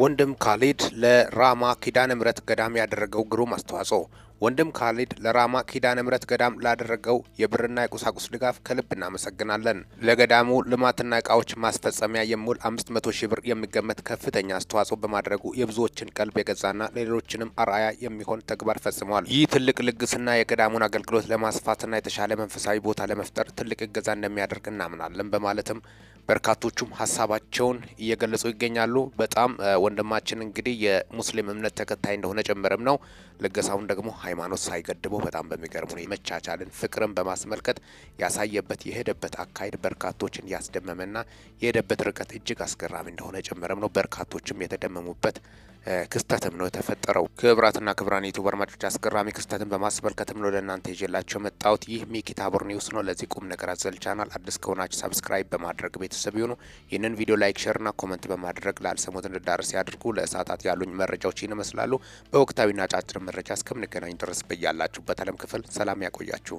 ወንድም ካሊድ ለራማ ኪዳነ ምሕረት ገዳም ያደረገው ግሩም አስተዋጽኦ። ወንድም ካሊድ ለራማ ኪዳነ ምሕረት ገዳም ላደረገው የብርና የቁሳቁስ ድጋፍ ከልብ እናመሰግናለን። ለገዳሙ ልማትና እቃዎች ማስፈጸሚያ የሚውል 500 ሺህ ብር የሚገመት ከፍተኛ አስተዋጽኦ በማድረጉ የብዙዎችን ቀልብ የገዛና ለሌሎችንም አርአያ የሚሆን ተግባር ፈጽመዋል። ይህ ትልቅ ልግስና የገዳሙን አገልግሎት ለማስፋትና የተሻለ መንፈሳዊ ቦታ ለመፍጠር ትልቅ እገዛ እንደሚያደርግ እናምናለን በማለትም በርካቶቹም ሀሳባቸውን እየገለጹ ይገኛሉ። በጣም ወንድማችን እንግዲህ የሙስሊም እምነት ተከታይ እንደሆነ ጭምርም ነው። ልገሳውን ደግሞ ሃይማኖት ሳይገድበው በጣም በሚገርሙ መቻቻልን፣ ፍቅርን በማስመልከት ያሳየበት የሄደበት አካሄድ በርካቶችን ያስደመመና የሄደበት ርቀት እጅግ አስገራሚ እንደሆነ ጭምርም ነው። በርካቶችም የተደመሙበት ክስተትም ነው የተፈጠረው። ክብራትና ክብራን ዩቱብ አድማጮች አስገራሚ ክስተትን በማስመልከትም ነው ለእናንተ ይዤላቸው መጣሁት። ይህ ሚኪ ታቦር ኒውስ ነው። ለዚህ ቁም ነገር አዘል ቻናል አዲስ ከሆናችሁ ሰብስክራይብ በማድረግ ቤተሰብ ይሁኑ። ይህንን ቪዲዮ ላይክ፣ ሼርና ኮመንት በማድረግ ላልሰሙት እንዲዳረስ ያድርጉ። ለእሳታት ያሉኝ መረጃዎች ይመስላሉ። በወቅታዊና ጫጭር መረጃ እስከምንገናኝ ድረስ በያላችሁበት ዓለም ክፍል ሰላም ያቆያችሁ።